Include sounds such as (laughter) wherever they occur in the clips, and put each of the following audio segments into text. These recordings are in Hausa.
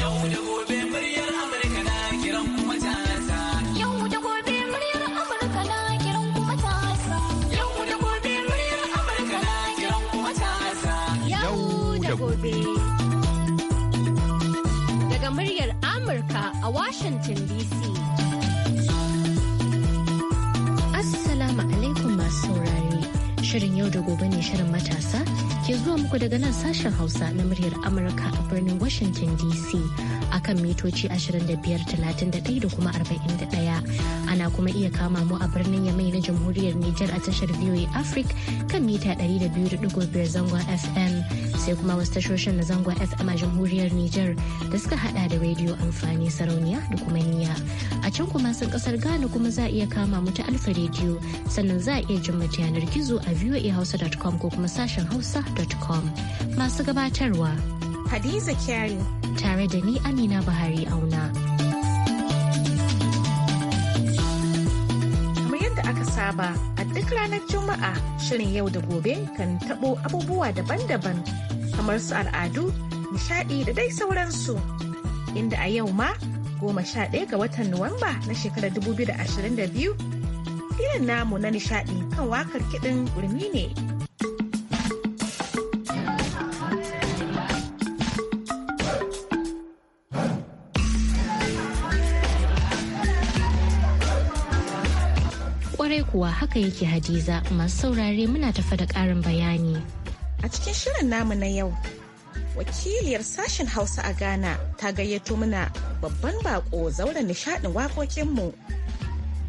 Yau da gobe muryar Amurka na kiran Yau da gobe muryar Amurka na kiran Yau da gobe muryar Amurka na kiran Yau da gobe. Daga muryar Amurka a Washington DC. Assalamu alaikum masu saurare. Shirin yau da gobe ne shirin matasa ke zuwa muku daga nan sashen Hausa na muryar Amurka a birnin Washington DC akan mitoci 25, 31 da kuma 41. ana kuma iya kama mu a birnin Yamai na Jamhuriyar Nijar a tashar VOA Africa kan mita 200.5 zangon FM sai kuma wasu tashoshin na zangon FM a Jamhuriyar Nijar da suka hada da rediyo amfani sarauniya da kuma niya. A can kuma sun kasar Ghana kuma za a iya kama mu ta Alfa rediyo sannan za a iya jin mu yanar gizo a voahausa.com ko kuma sashen hausa.com. Masu gabatarwa. Hadiza Kyari. Tare da ni Amina Buhari Auna. saba a duk ranar Juma'a shirin yau da gobe kan tabo abubuwa daban-daban kamar su al'adu, nishadi da dai sauransu. Inda a yau ma goma sha ɗaya ga watan Nuwamba na shekarar 2022 irin namu na nishadi kan wakar kiɗin gurmi ne kuwa haka yake hadiza masu saurare muna tafa da karin bayani. A cikin shirin namu na yau, wakiliyar sashen Hausa a Ghana ta gayyato muna babban bako zauren nishaɗin waƙoƙinmu.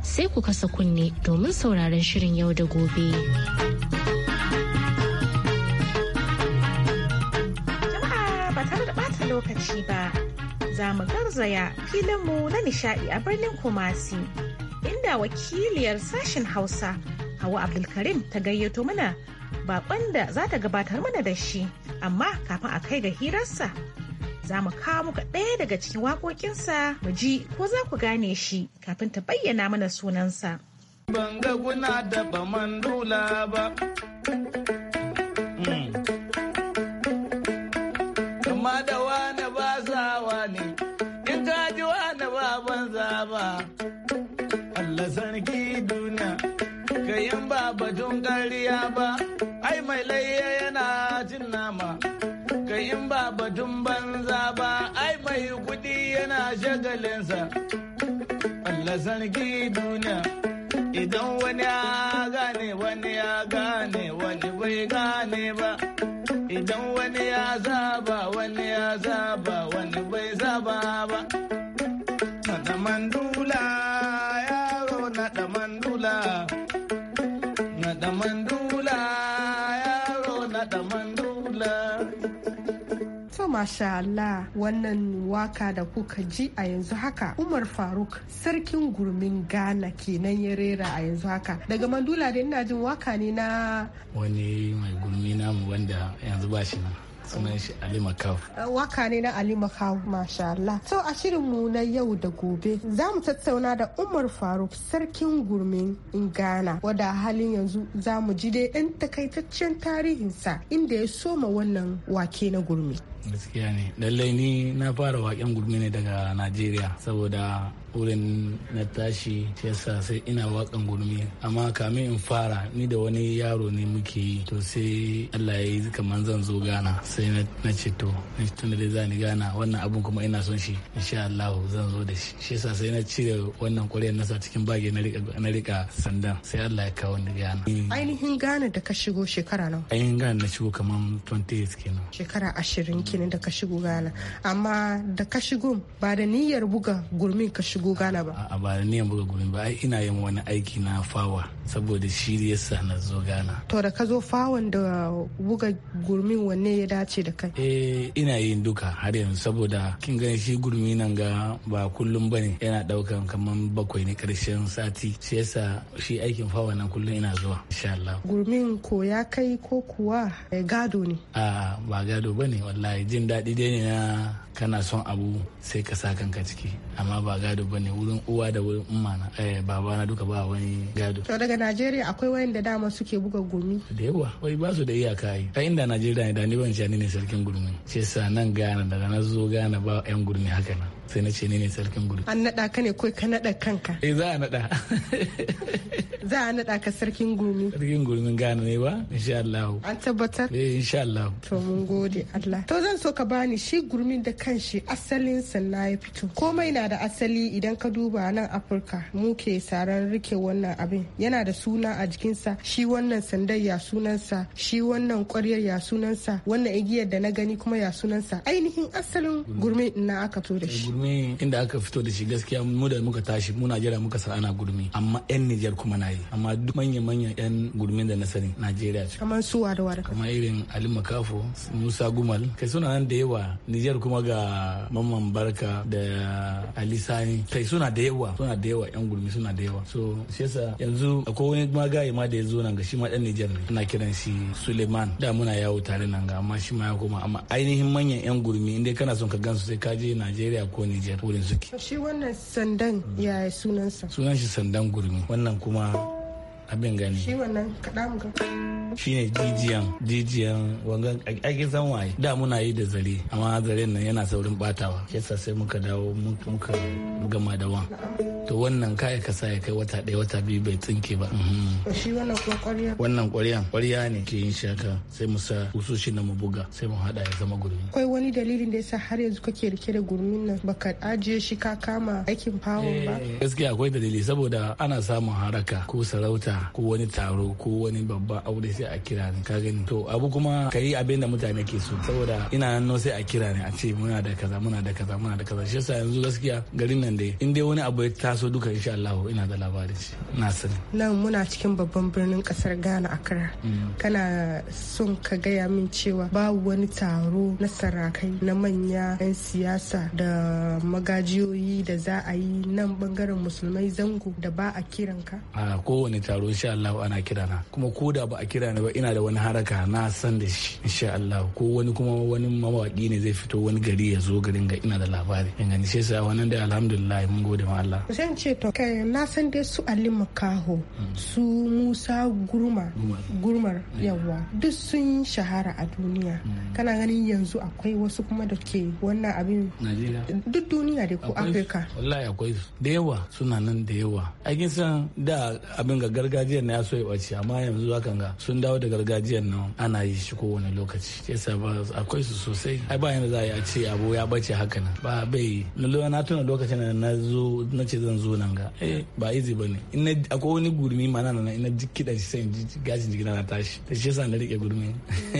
Sai ku kasa kunne domin sauraron shirin yau da gobe. Jama'a ba tare da ɓata lokaci ba, za mu garzaya filinmu na nishaɗi a birnin Kumasi. inda wakiliyar sashen Hausa Hawa Abdulkarim ta gayyato mana bakon da za ta gabatar mana da shi amma kafin a kai ga hirarsa za mu kawo muka ɗaya daga cikin waƙoƙinsa mu ji ko za ku gane shi kafin ta bayyana mana sunansa. Ban ga guna da ba ba. Hmm. abun dariya ba ai mai layya yana jin nama kai ba batun banza ba ai mai gudi yana shagalinsa Allah sarki duniya idan wani ya gane wani ya gane wani bai gane ba idan wani ya zaba wani ya zaba wani bai zaba ba Masha Allah wannan waka da kuka ji a yanzu haka Umar Faruk sarkin gurmin Ghana kenan ya rera a yanzu haka. Daga Mandula da ina jin waka ne na wani mai gurmi namu wanda yanzu ba shi nan. sunan shi Ali Makau. Eh, waka ne na Ali Makau masha Allah. To a shirin mu na yau da gobe za mu tattauna da Umar Faruk sarkin gurmin Ghana wanda halin yanzu za mu ji dai ɗan takaitaccen tarihinsa inda ya soma wannan wake na gurmi. gaskiya ne lallai ni na fara waken gurmi ne daga najeriya saboda wurin na tashi shi yasa sai ina wakan gurmi amma kamin in fara ni da wani yaro ne muke yi to sai allah ya yi kamar zan zo gana sai na ce to tun da za ni gana wannan abun kuma ina son shi insha Allah zan zo da shi shi yasa sai na cire wannan ƙwariyar nasa cikin bage na rika sandan sai Allah ya kawo ni gana ainihin gana da ka shigo shekara nawa ainihin gana na shigo kaman 20 kenan shekara 20 kenan da ka shigo gana amma da ka shigo ba da niyyar buga gurmin ka shigo gana ba a ba da niyyar buga gurmin ba ai ina yin wani aiki na fawa saboda shi yasa na zo gana to da ka zo fawan da buga gurmin wanne ya dace da kai eh ina yin duka har yanzu saboda kin gani shi gurmi nan ga ba kullum bane yana daukan kaman bakwai ne karshen sati shi yasa shi aikin fawa nan kullum ina zuwa insha Allah gurmin ko ya kai ko kuwa eh, gado ne a ba gado bane wallahi jin daɗi dai ne na kana son abu sai ka sa kanka ciki amma ba gado bane wurin uwa da wurin umma na eh baba na duka ba wani gado to daga Najeriya akwai wayanda dama suke buga gumi da yawa wai ba su da iyaka yi ta inda Najeriya ne da ni ban ni ne sarkin gurmi sai sa nan gana daga na zo gana ba yan gurmi haka na sai na ce ne ne sarkin gudu an naɗa ka ne ko ka naɗa kanka eh za a naɗa (laughs) za a naɗa ka sarkin gumi sarkin gumin gane ne ba insha Allah an tabbatar eh insha Allah to mun gode Allah to zan so ka bani shi gurmin da kanshi asalin sanna ya fito komai na da asali idan ka duba nan Afirka mu ke saran rike wannan abin yana da suna a jikinsa shi wannan sandar ya sunansa shi wannan ƙwaryar ya sunansa wannan igiyar da na gani kuma ya sunansa ainihin asalin gurmin na aka to da shi gurmi inda aka fito da shi gaskiya mu da muka tashi mu Najeriya muka san ana gurmi amma yan Nijar kuma na yi amma duk manya manya yan gurmin da na sani Najeriya ce kamar su wada kamar irin Ali Makafo Musa Gumal kai suna nan da yawa Nijar kuma ga Mamman Barka da Ali Sani kai suna da yawa suna da yawa yan gurmi suna da yawa so shi yasa yanzu akwai wani ga ma da ya zo nan ga shi ma dan Nijar ne ana kiran shi Suleiman da muna yawo tare nan ga amma shi ma ya koma amma ainihin manyan yan gurmi inda kana son ka gansu sai ka je Najeriya ko ko Nijar wurin suke. Shi wannan sandan ya sunansa? Sunan shi sandan gurmi. Wannan kuma abin gani shi wannan kaɗa mu shine jijiyan jijiyan wanga ake san waye da muna yi da zare amma zaren nan yana saurin batawa yasa sai muka dawo muka gama da wan to wannan kai ka sa ya kai wata ɗaya wata biyu bai tsinke ba mhm. shi wannan kuma ƙwarya wannan ƙwaryan ƙwarya ne ke yin shaka sai mu sa na mu buga sai mu hada ya zama gurmi akwai wani dalilin da yasa har yanzu kake rike da gurmin nan baka ajiye shi ka kama aikin fawon ba eh, gaskiya akwai dalili saboda ana samun haraka ko sarauta bukata ko wani taro ko wani babba aure sai a kira ni ka gani to abu kuma ka yi abin da mutane ke so saboda ina nan sai a kira ni a ce muna da kaza muna da kaza muna da kaza shi yanzu gaskiya garin nan dai in dai wani abu ya taso duka insha Allah ina da labarin shi na sani nan muna cikin babban birnin kasar Ghana Accra mm. kana son ka gaya min cewa babu wani taro na sarakai na manya 'yan siyasa da magajiyoyi da za a yi nan bangaren musulmai zango da ba a kiranka a kowane taro taro insha Allah ana kira na kuma ko da ba a kira ni ba ina da wani haraka na san da shi insha Allah ko wani kuma wani mawaki ne zai fito wani gari ya zo garin ga ina da labari in gani sai sa wannan da alhamdulillah mun gode ma Allah zan ce to kai na san dai su Ali Makaho mm. su Musa Gurma Gurmar mm. yawa duk sun shahara a duniya mm. kana ganin yanzu akwai wasu kuma da ke wannan abin duk duniya da ko Afirka wallahi akwai da yawa suna nan da yawa a san da abin ga gargajiyar na ya so ya ɓace amma yanzu hakan ga sun dawo da gargajiyar nan ana yi shi kowane lokaci sa ba akwai su sosai ai ba yanzu za a yi a ce abu ya ɓace haka nan ba bai na tuna lokacin da na zo na ce zan zo nan ga eh, ba izi bane ina akwai wani gurmi ma nan ina ji kidan shi sai gashin jikina na tashi da shi yasa na riƙe gurmi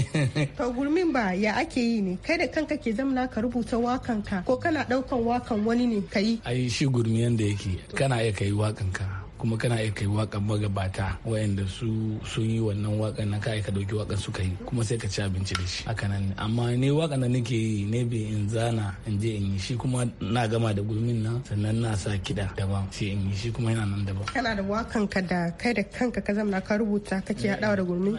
(laughs) to gurmin ba ya ake yi ne kai da kanka ke zamana ka rubuta wakan ka ko kana ɗaukan wakan wani ne ka yi ai shi gurmi yanda yake kana iya ka wakan ka kuma kana iya kai wakan magabata wayanda su sun yi wannan wakan na kai ka dauki wakan suka yi kuma sai ka ci abinci da shi haka nan amma ne wakan da nake yi ne bi in zana in je in yi shi kuma na gama da gurmin nan sannan na sa kiɗa daban sai in yi shi kuma yana nan daban kana da wakan ka da kai da kanka ka zama ka rubuta kake hadawa eh, da gurmi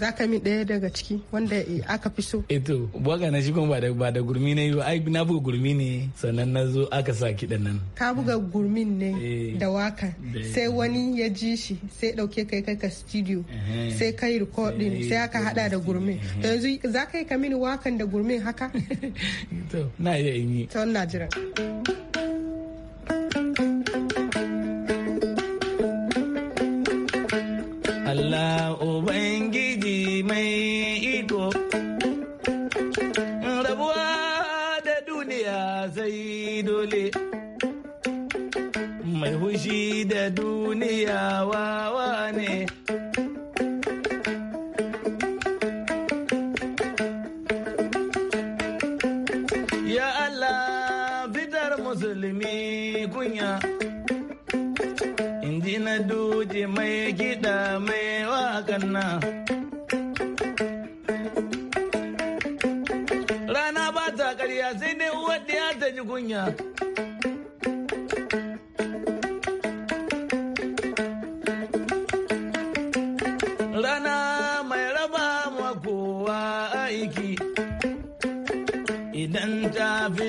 za ka mi ɗaya daga ciki wanda eh, aka fi so eh to wakan na shi kuma ba da gurmi ne ai na buga gurmi ne sannan na zo aka sa kiɗan nan ka buga gurmin ne da wakan. sai wani ya ji shi sai ɗauke kai kai ka studio sai kai recording eh, sai aka hada da gurmin to yanzu za ka yi ka mini wakan da gurmin haka (laughs) to na iya yi to na jira Allah Ubangiji mai mai hushi da duniya wawa ne ya Allah fitar musulmi kunya inji na duji mai gida mai wakan rana ba ta karya sai dai uwar ta ji kunya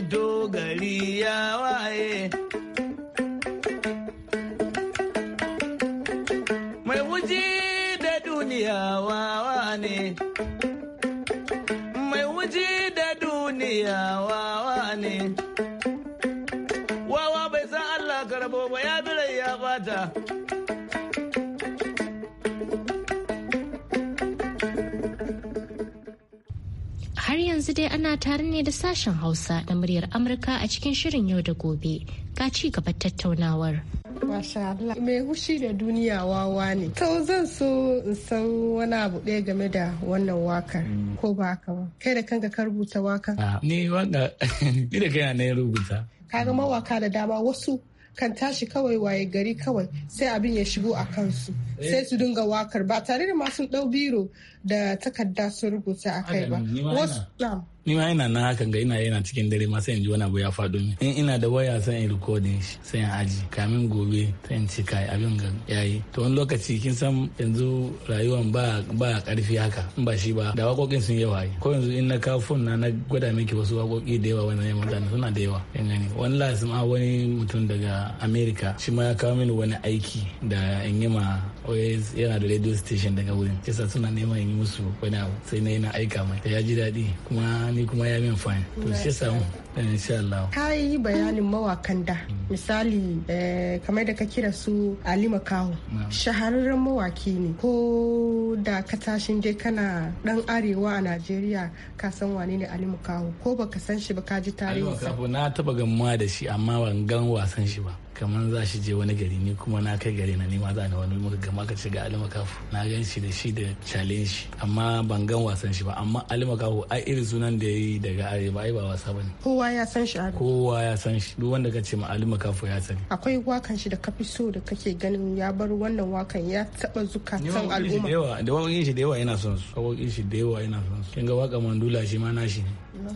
dogari yawa ana tare ne da sashen Hausa da muryar Amurka a cikin shirin yau da gobe. Ga ci gaba tattaunawar. Masha Allah, mai hushi da duniya wawa ne. To zan so in san wani abu ɗaya game da wannan wakar mm. ko ba haka ba. Kai da kanka ka rubuta wakar? Ah, ni wanda (laughs) ni da kai na rubuta. ga mawaka da dama wasu kan tashi kawai waye gari kawai sai abin ya shigo a kansu eh. sai su dinga wakar ba tare da masu ɗau biro da takarda sun rubuta a kai ba wasu ni ma ina nan hakan ga ina yana cikin dare ma sai in ji wani abu ya faɗo min in ina da waya sai in recording shi sai in aji kamin gobe sai in ci abin ga yayi to wani lokaci kin san yanzu rayuwan ba ba karfi haka in ba shi ba da wakokin sun yawa ko yanzu in na kawo fon na na gwada miki wasu wakoki da yawa wani yamma mutane suna da yawa in gani wani lasim ma wani mutum daga america shi ma ya kawo mini wani aiki da in yi ma OAS yana da radio station daga wurin kisa suna neman yi musu wani abu sai na yi na aika mai ya ji daɗi kuma ni kuma ya min fine to shi samu eh, insha Allah ka yi bayanin mawakan da hmm. misali eh, kamar da ka kira su Ali Makaho shahararren mawaki ne ko da ka tashi je kana dan arewa a Najeriya ka san wane ne Ali Makaho ko baka san shi ba ka ji tarihi na taba gamuwa da shi amma ban gan wasan shi ba kamar za shi je wani gari ni kuma na kai gari na nema za ni wani muka gama ka ce ga alimakafu na gan shi da shi da challenge amma ban gan wasan shi ba amma alimakafu ai irin sunan da yi daga arewa ai ba wasa ne. kowa ya san shi kowa ya san shi duk wanda ka ce ma alimakafu ya sani akwai wakan shi da ka fi so da kake ganin ya bar wannan wakan ya taba zukatan al'umma da wakokin shi da yawa yana son su wakokin shi da yawa yana son su kin ga waka mandula shi ma shi ne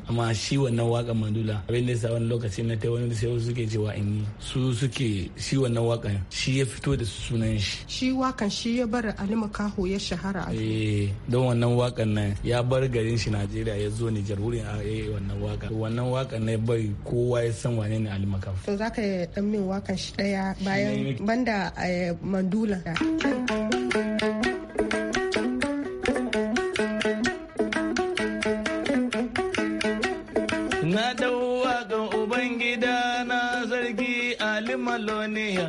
amma shi wannan waka Madula abin da sa wani lokaci na ta wani sai suke cewa in yi su suke shi wannan wakan shi ya fito da sunan shi shi wakan shi ya bar Ali Makaho ya shahara eh don wannan wakan nan ya bar garin shi Najeriya ya zo Nijar wurin a eh, wannan waka wannan wakan ne bai kowa ya san wane ne Ali Makaho to zaka dan min wakan shi daya bayan banda eh, mandula maloniya.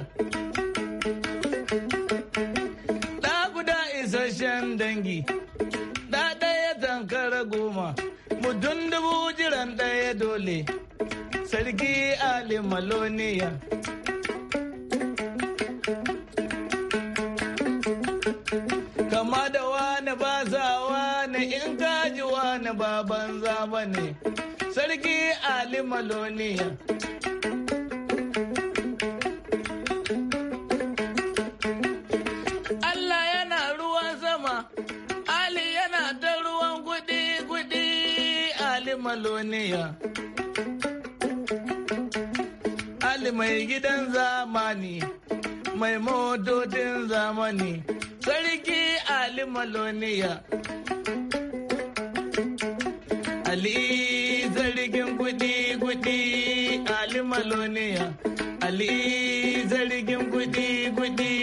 Ɗa guda isasshen dangi, ɗa ɗaya tankara goma, mutum dubu jiran ɗaya dole, sarki Ali maloniya. Kama da wani ba wani in kaji wani baban zaba ne, sarki Ali maloniya. maloniya ali mai gidan zamani mai mododin zamani sarki ali maloniya ali zargin kudi kudi ali maloniya ali zargin kudi kudi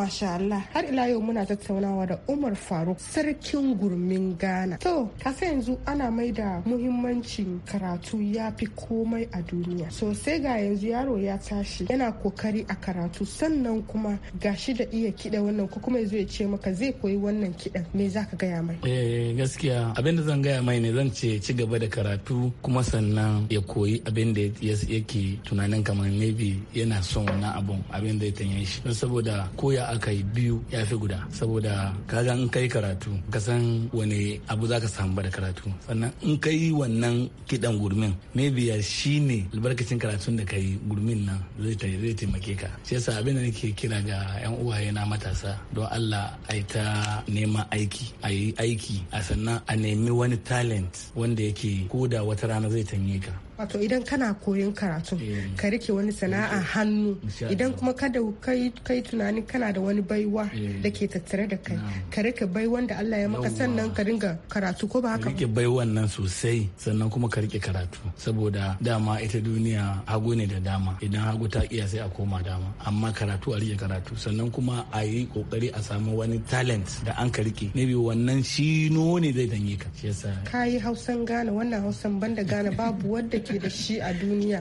masha Allah har ila yau muna tattaunawa da Umar Faruk sarkin gurmin Ghana. To kasa yanzu ana mai da muhimmancin karatu ya fi komai a duniya. Sosai ga yanzu yaro ya tashi yana kokari a karatu sannan kuma gashi da iya kiɗa wannan ko kuma yanzu ya ce maka zai koyi wannan kiɗan me za ka gaya mai? Eh gaskiya abin da zan gaya mai ne zan ce ci gaba da karatu kuma sannan ya koyi abin da yake tunanin kamar maybe yana son wannan abun abin da ya tanye shi. saboda koya aka yi biyu ya fi guda saboda kaga in kai karatu ka san wani abu za ka samu ba da karatu sannan in ka wannan kidan gurmin maybe ya shi ne albarkacin karatun da ka gurmin nan zai taimake ka shi yasa abin da nake kira ga yan uwaye na matasa don Allah a yi ta neman aiki a yi aiki a sannan a nemi wani talent wanda yake ko da wata rana zai tanye ka wato idan kana koyon karatu eh. ka rike wani sana'a eh, eh. hannu idan kuma kada kai tunanin kana da wani baiwa da ke tattare da kai ka rike baiwan da Allah ya maka sannan ka dinga karatu ko ba haka rike baiwan nan sosai sannan kuma ka rike karatu saboda dama ita duniya hagu ne da dama idan hagu ta iya sai a koma dama amma karatu a rike karatu sannan kuma a yi kokari a samu wani talent da an ka rike ne wannan shi ne zai danye ka shi yasa hausan gane wannan hausan banda gane babu wanda ake da shi a duniya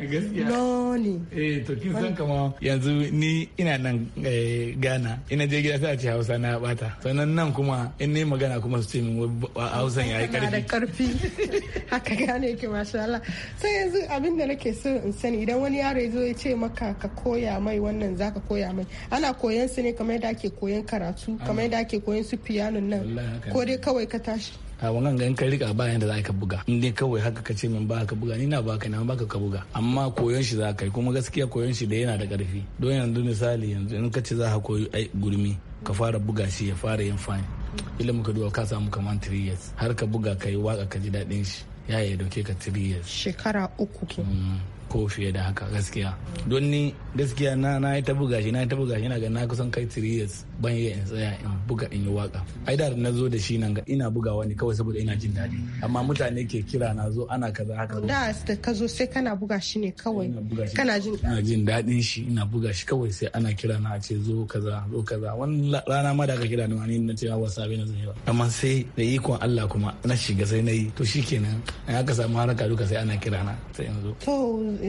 loni eh to kin san kama yanzu ni ina nan eh, Ghana ina je gida sai a ce Hausa na bata sannan nan kuma in ne magana kuma su ce min Hausan yayi karfi da karfi (laughs) haka gane ki masha Allah sai yanzu abin da nake so in sani idan wani yaro ya zo ya ce maka ka koya mai wannan zaka koya mai ana koyan su ne kamar yadda ake koyan karatu kamar yadda ake koyan su piano nan ko dai kawai ka tashi a wannan gan kai rika bayan da za ka buga in dai kawai haka ka ce min ba ka buga ni na baka na baka ka buga amma koyon shi za ka yi kuma gaskiya koyon shi da yana da karfi don yanzu misali yanzu in ka ce za ka koyi gurmi ka fara buga shi ya fara yin fine ilimin muka duwa ka samu kaman 3 years har ka buga ka yi waka ka ji daɗin shi ya ya dauke ka 3 years shekara uku ke mm. ko fiye da haka gaskiya don ni gaskiya na na yi ta buga shi na yi ta buga shi na ga na kusan kai 3 years ban yi in tsaya in buga in yi waka ai da na zo da shi nan ga ina bugawa ne kawai saboda ina jin daɗi amma mutane ke kira na zo ana kaza haka da ka zo sai kana buga shi ne kawai kana jin jin daɗin shi ina buga shi kawai sai ana kira na a ce zo kaza zo kaza wani rana ma da ka kira ni ma ni na ce wa sabe na zai amma sai da ikon Allah kuma na shiga sai na yi to shikenan in aka samu haraka duka sai ana kira na sai in zo to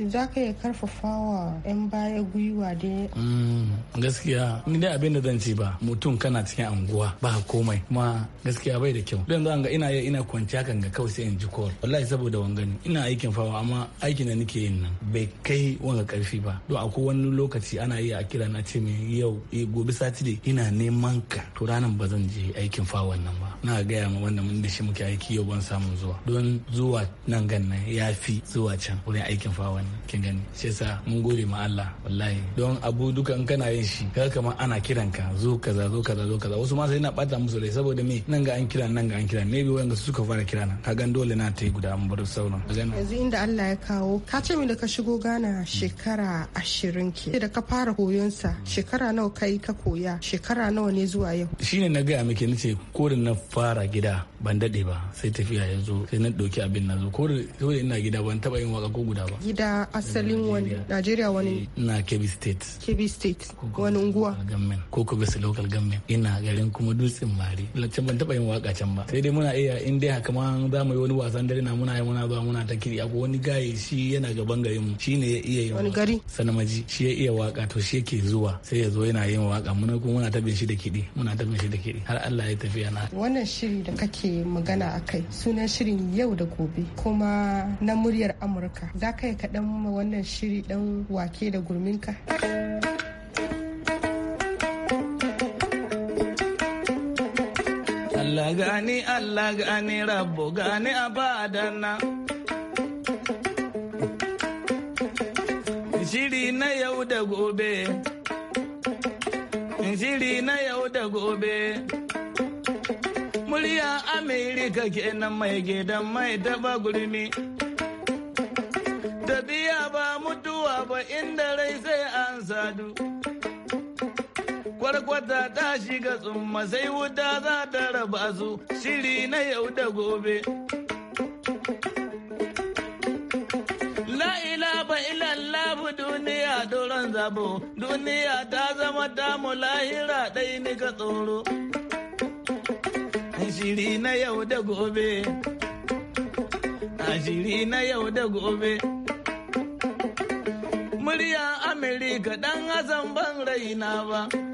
za ka iya karfafa wa 'yan baya gwiwa dai. Mm, gaskiya ni dai abin da zan ci ba mutum kana cikin anguwa ba komai kuma gaskiya bai da kyau don zan ga ina yi ina kwanciya kan ga kawai sai in ji kowar wallahi saboda wangani ina aikin fawa amma aikin da nake yin nan bai kai wanga karfi ba don akwai wani lokaci ana yi a kira na ce min yau eh, gobe sati da ina neman ka to ranar ba zan je aikin fawa nan ba na gaya ma wanda mun da shi muke aiki yau ban samun zuwa don zuwa nan gan ya fi zuwa can wurin aikin fawa wani kin shi yasa mun gode ma Allah wallahi don abu duka in kana yin shi kaga kamar ana kiranka zo kaza zo kaza zo kaza wasu ma sai na bata musu rai saboda me nan ga an kira nan ga an kira ne bi wanda suka fara kira na kaga dole na ta yi guda an bar sauran yanzu inda Allah ya kawo ka ce min da ka shigo gana shekara ashirin ke da ka fara koyon sa shekara nawa kai ka koya shekara nawa ne zuwa yau shine na gaya miki nace ko da na fara gida ban daɗe ba sai tafiya ya zo sai na ɗauki abin na zo ko da ina gida ban taɓa yin waka ko guda ba gida asalin wani najeriya wani eh, na kebbi state kebbi state wani unguwa gamen ko ko bisi local gamen ina garin kuma dutsen mari can ban taɓa yin waka can ba sai dai muna iya in dai haka ma za mu yi wani wasan dare na muna yi muna zuwa muna ta kiri ko wani gaye shi yana gaban garin mu ne ya iya yin wani gari sanamaji shi ya iya waka to shi yake zuwa sai ya zo yana yin waka muna kuma muna tabin shi da kiɗi muna tabin shi da kiɗi har Allah ya tafiya na wannan shiri da kake muke magana a kai sunan shirin yau da gobe kuma na muryar amurka za ka yi kaɗan ma wannan shiri ɗan wake da gurminka Allah gani Allah gani rabbo gani abadana Shiri na yau da gobe Shiri na yau da gobe murya amerika kenan mai gidan mai daba gurmi tafiya ba mutuwa ba inda rai sai an sadu kwarkwata ta shiga tsumma sai wuta za ta raba su shiri na yau da gobe duniya doron zabo duniya ta zama damu lahira ɗai ni ka tsoro Ashiri na yau da gobe. Ashiri na yau da gobe. Murya Amerika dan azan ban raina ba.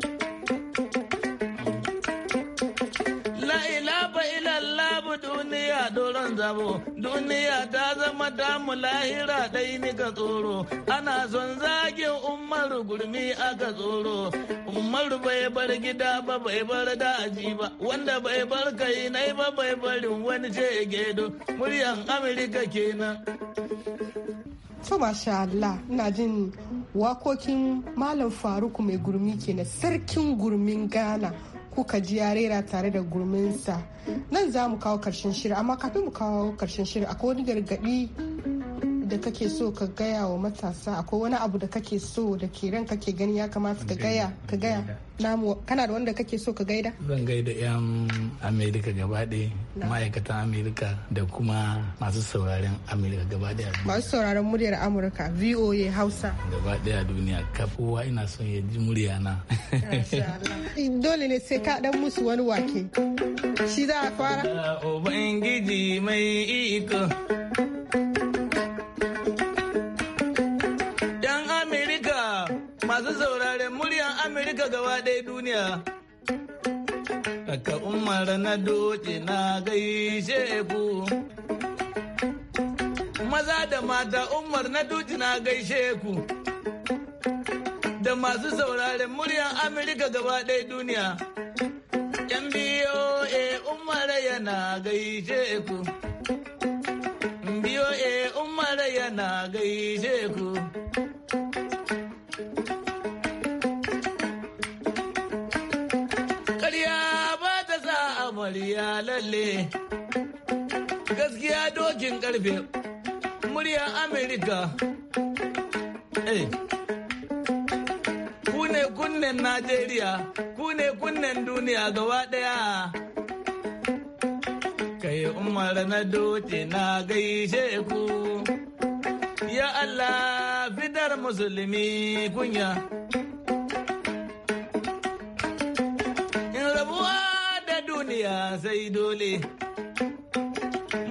duniya doron zabo duniya ta zama damu lahira ɗai ni ka tsoro ana son zagin umar gurmi aka tsoro umar bai bar gida ba bai bar daji ba wanda bai bar kai nai ba bai barin wani ce gedo muryan amurka kenan to masha Allah ina jin wakokin malam faruk mai gurmi kenan sarkin gurmin ghana kuka ji ya rera tare da gurminsa nan za mu kawo karshen shirin amma kafin mu kawo karshen shirin akwai wani gargaɗi da kake so ka gaya wa matasa akwai wani abu da kake so da ke ran kake gani ya kamata ka gaya ka gaya namu kana da wanda kake so ka gaida zan gaida yan amerika gaba ma'aikatan amerika da kuma masu sauraren amerika gaba daya masu sauraren muryar amurka voa hausa gaba daya duniya kafuwa ina son ya ji murya na dole ne sai ka dan musu wani wake shi za a fara ubangiji mai iko masu sauraren muryan Amurka gaba ɗaya duniya. Daga umar na doce na gaishe ku. Maza da mata umar na doce na gaishe ku. Da masu sauraren muryan Amurka gaba ɗaya duniya. Yan biyo e umar yana gaishe ku. Biyo e umar yana gaishe ku. murya lalle gaskiya dokin karfe murya amerika eh. ku kune kunnen najeriya kune kunnen duniya gaba daya kai umar na doce na gaishe ku ya allah fidar musulmi kunya zai dole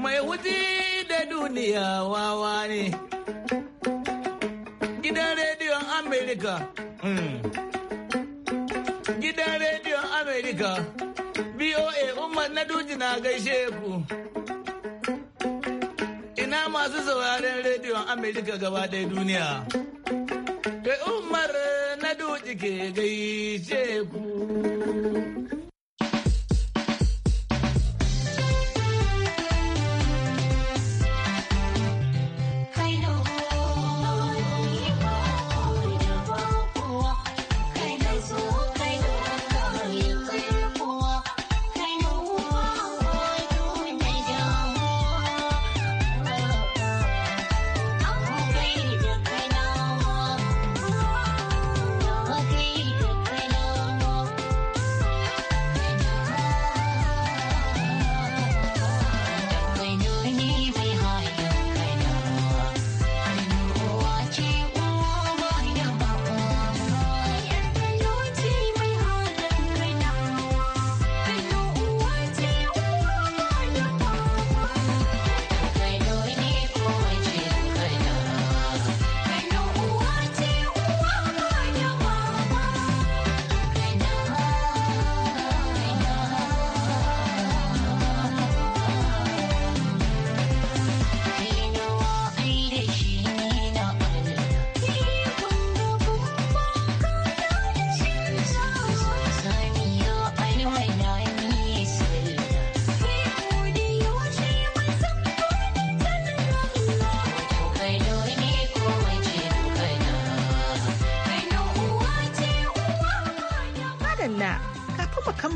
mai wuti da duniya wawa ne gidan rediyon amerika hmm. gidan rediyon amerika boa umar na duji na gaishe ku ina masu sauraren rediyon amerika gaba ɗaya duniya kai umar na duji ke gaishe ku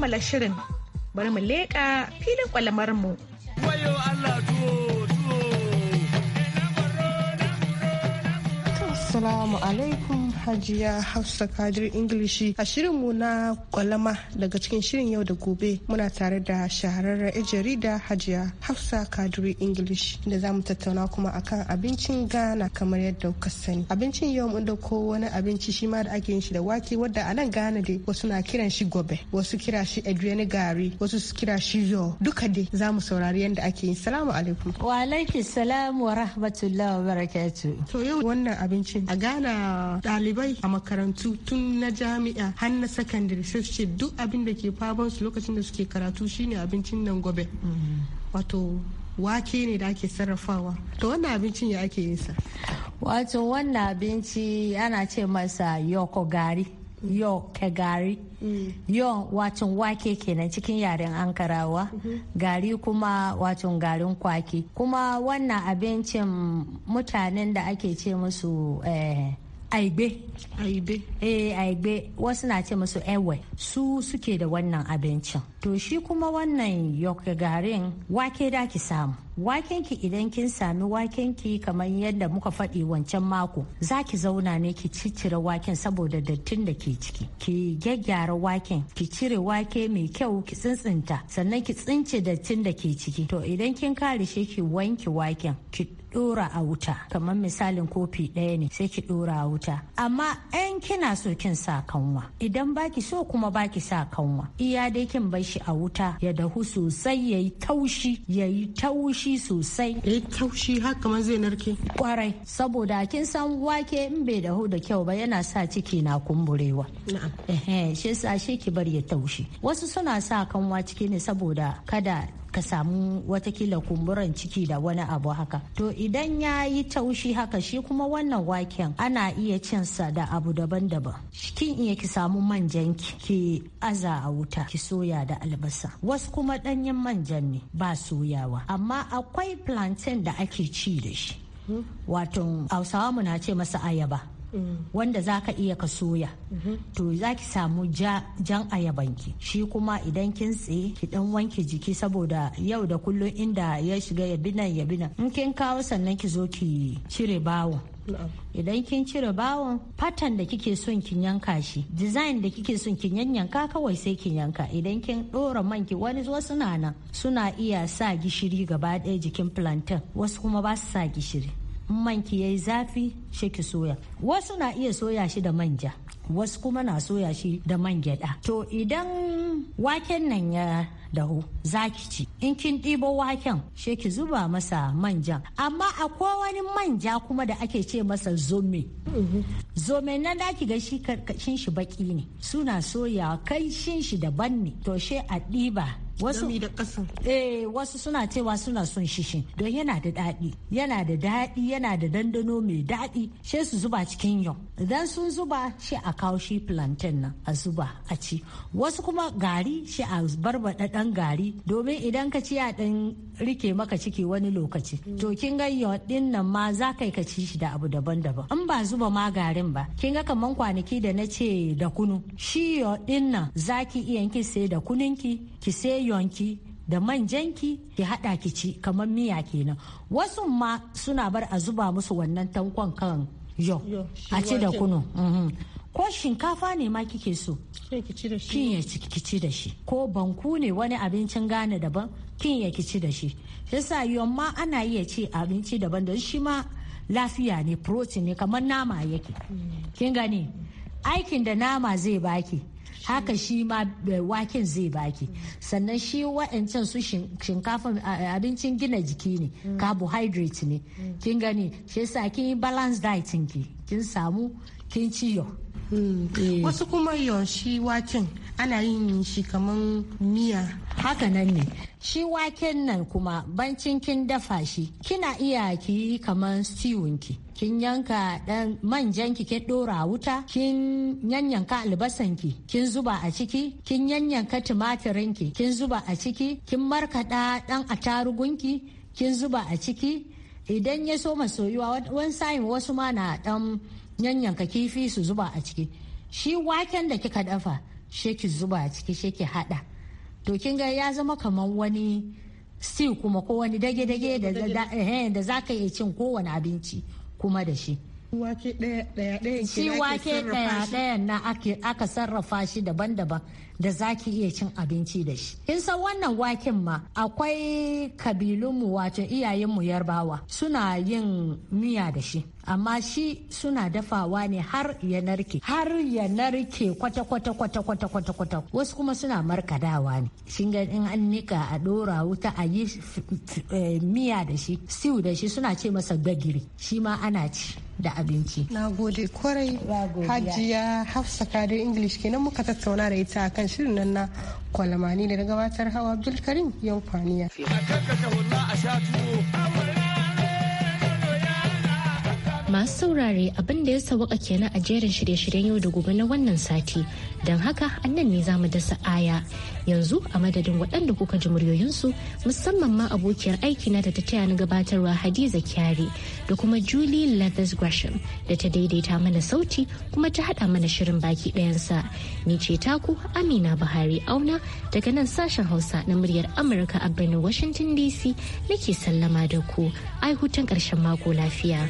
kammala shirin bari mu leƙa filin kwalamar mu. Assalamu alaikum Hajiya Hafsa Kadir Ingilishi a shirinmu na kwalama daga cikin shirin yau da gobe muna tare da shahararren 'yan jarida hajiya hafsa kaduri english da za mu tattauna kuma akan abincin ghana kamar yadda kuka sani abincin yau mun dauko wani abinci shi ma da ake yin shi da wake wadda a nan ghana dai wasu na kiran shi gobe wasu kira shi edwin gari wasu su kira shi yo duka dai za mu saurari yadda ake yin salamu alaikum wa alaikum salam wa rahmatullahi wa barakatu to yau wannan abincin a ghana ɗalibai a makarantu tun na jami'a har na sakandare sai su ce duk abin da ke faban su lokacin da suke karatu shine abincin nan gobe wato wake ne da ake sarrafawa to wannan abincin ya ake yin sa wato wannan abinci ana ce masa yoko gari yo ke gari mm. yo wato wake kenan cikin yaren ankarawa mm-hmm. gari kuma wato garin kwaki kuma wannan abincin mutanen da ake ce musu eh, aigbe aigbe eh aigbe wasu na ce musu ewe su suke da wannan abincin to shi kuma wannan yoke garin wake da ki samu waken ki idan kin sami waken ki kamar yadda muka faɗi wancan mako za ki zauna ne ki ciccire waken saboda dattin da ke ciki ki gyaggyara waken ki cire wake mai kyau ki tsintsinta sannan ki tsince dattin da ke ciki to idan kin kare shi ki wanke waken ki dora a wuta kamar misalin kofi ɗaya ne sai ki dora a wuta amma ɗan kina so kin sa kanwa idan baki so kuma baki sa kanwa iya dai kin bar shi a wuta ya dahu sosai ya yi taushi ya yi taushi sosai ya yi taushi har kamar zai narke kwarai saboda kin san wake in bai dahu da kyau ba yana sa ciki na kumburewa na'am shi sa shi ki bar ya taushi wasu suna sa kanwa ciki ne saboda kada ka samu watakila kumburan ciki da wani abu haka to idan ya yi taushi haka shi kuma wannan waken ana iya cin sa da abu daban-daban kin iya ki samu manjan ki aza a wuta ki soya da albasa wasu kuma danyen manjan ne ba soyawa amma akwai plantain da ake ci da shi wato hausawa mu na ce masa ayaba wanda za ka iya ka soya to za ki samu jan ayabanki shi kuma idan kin tsaye ki dan wanke jiki saboda yau da kullum inda ya shiga ya binan ya binan in kin kawo sannan ki zo ki cire bawon idan kin cire bawon fatan da kike son kin yanka shi design da kike son kin yanyanka kawai sai kin yanka idan kin dora manki wani wasu na nan suna iya sa gishiri gaba ɗaya jikin plantain wasu kuma ba su sa gishiri manki yayi zafi shi ki soya wasu na iya soya shi da manja wasu kuma na soya shi da man gyada to idan waken nan ya dahu za ki ci in kin ɗibo waken shi ki zuba masa manja amma akwai wani manja kuma da ake ce masa zome zome nan da ki ga shi karkashin shi baki ne suna soya kai shi daban ne to shi a ɗiba wasu da eh wasu suna cewa suna son shishin don yana da daɗi yana da daɗi yana da dandano mai daɗi sai su zuba cikin yau idan sun zuba shi a kawo shi plantain nan a zuba a ci wasu kuma gari shi a barbaɗa ɗan gari domin idan ka ci ya ɗan rike maka ciki wani lokaci to kin ga ɗin nan ma za kai ka ci shi da abu daban-daban in ba zuba ma garin ba kin ga kaman kwanaki da na ce da kunu shi ɗin nan za ki iya ki sai da ki. ki yonki da manjanki ki hada ki ci kamar miya kenan wasu ma suna bar a zuba musu wannan tankon kan yo a ci da kunu mhm. ko shinkafa ne ma kike so kin ya ki ci da shi ko banku ne wani abincin gane daban kin ya ki ci da shi yasa yon ma ana iya ci abinci daban don shi ma lafiya ne protein ne kamar nama yake mm. kin gani aikin da nama zai baki haka shi ma eh, waken zai baki sannan shi wa'ancan su shinkafa eh, eh, abincin gina jiki ne carbohydrate ne kin gani shi yasa kin yi balance diet ki kin samu kin ciyo hmm, wasu kuma yawan shi waken ana yin shi kaman miya haka nan ne shi waken nan kuma bancin kin dafa shi kina iya ki kaman stewin ki kin yanka dan manjan ki kin dora wuta kin yanyanka albasan ki kin zuba a ciki kin yanyanka tumatirin ki kin zuba a ciki kin markada dan atarugun kin zuba a ciki idan ya soma soyuwa wani sa'in wasu ma na dan yanyanka kifi su zuba a ciki shi waken da kika dafa sheki zuba a ciki sheki hada to kin ga ya zama kamar wani stew kuma ko wani dage-dage da za eh, ka iya cin kowane abinci kuma da shi wake ɗaya na aka sarrafa shi daban-daban da za ki iya cin abinci da shi in san wannan waken ma akwai kabilunmu wato iyayenmu yarbawa suna yin miya da shi amma shi suna dafawa ne har ya narke har ya narke kwata kwata kwata kwata kwata kwata wasu kuma suna markadawa ne shin ga in an nika a dora wuta a yi eh, miya da shi siyu da shi suna ce masa gagiri shi ma ana ci da abinci. Na gode kwarai hajiya Hafsa Kadir English kenan muka tattauna da ita akan shirin nan na kwalamani da gabatar hawa abdulkarim Karim yau kwaniya. A Masu saurare abin da ya sawaka kenan a jerin shirye-shiryen yau da gobe na wannan sati. Don haka annan ne za mu dasa aya. Yanzu a madadin waɗanda kuka ji muryoyinsu musamman ma abokiyar aikina da ta taya ni gabatarwa Hadiza Kyari da kuma Julie Leathers Gresham da ta daidaita mana sauti kuma ta haɗa mana shirin baki ɗayansa. Ni ce taku Amina Buhari Auna daga nan sashen Hausa na muryar Amurka a birnin Washington DC nake sallama da ku. Ai hutun ƙarshen mako lafiya.